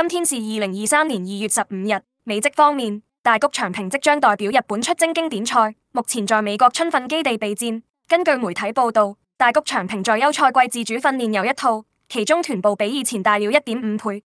今天是二零二三年二月十五日。美職方面，大谷翔平即將代表日本出征經典賽，目前在美國春訓基地備戰。根據媒體報道，大谷翔平在休賽季自主訓練有一套，其中臀部比以前大了一點五倍。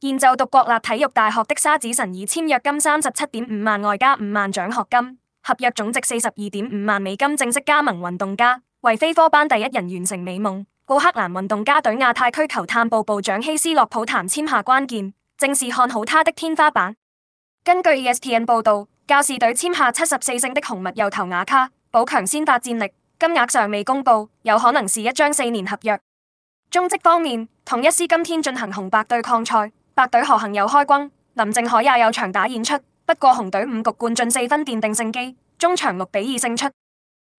現就讀國立體育大學的沙子宸以簽約金三十七點五萬外加五萬獎學金，合約總值四十二點五萬美金，正式加盟運動家，為非科班第一人完成美夢。奧克蘭運動家隊亞太區球探部部長希斯洛普談簽下關鍵，正是看好他的天花板。根據 ESPN 報道，教士隊簽下七十四勝的紅襪右投雅卡，補強先發戰力，金額尚未公布，有可能是一張四年合約。中職方面，同一師今天進行紅白對抗賽，白隊何行有開轟，林正海也有長打演出，不過紅隊五局灌進四分奠定勝機，終場六比二勝出。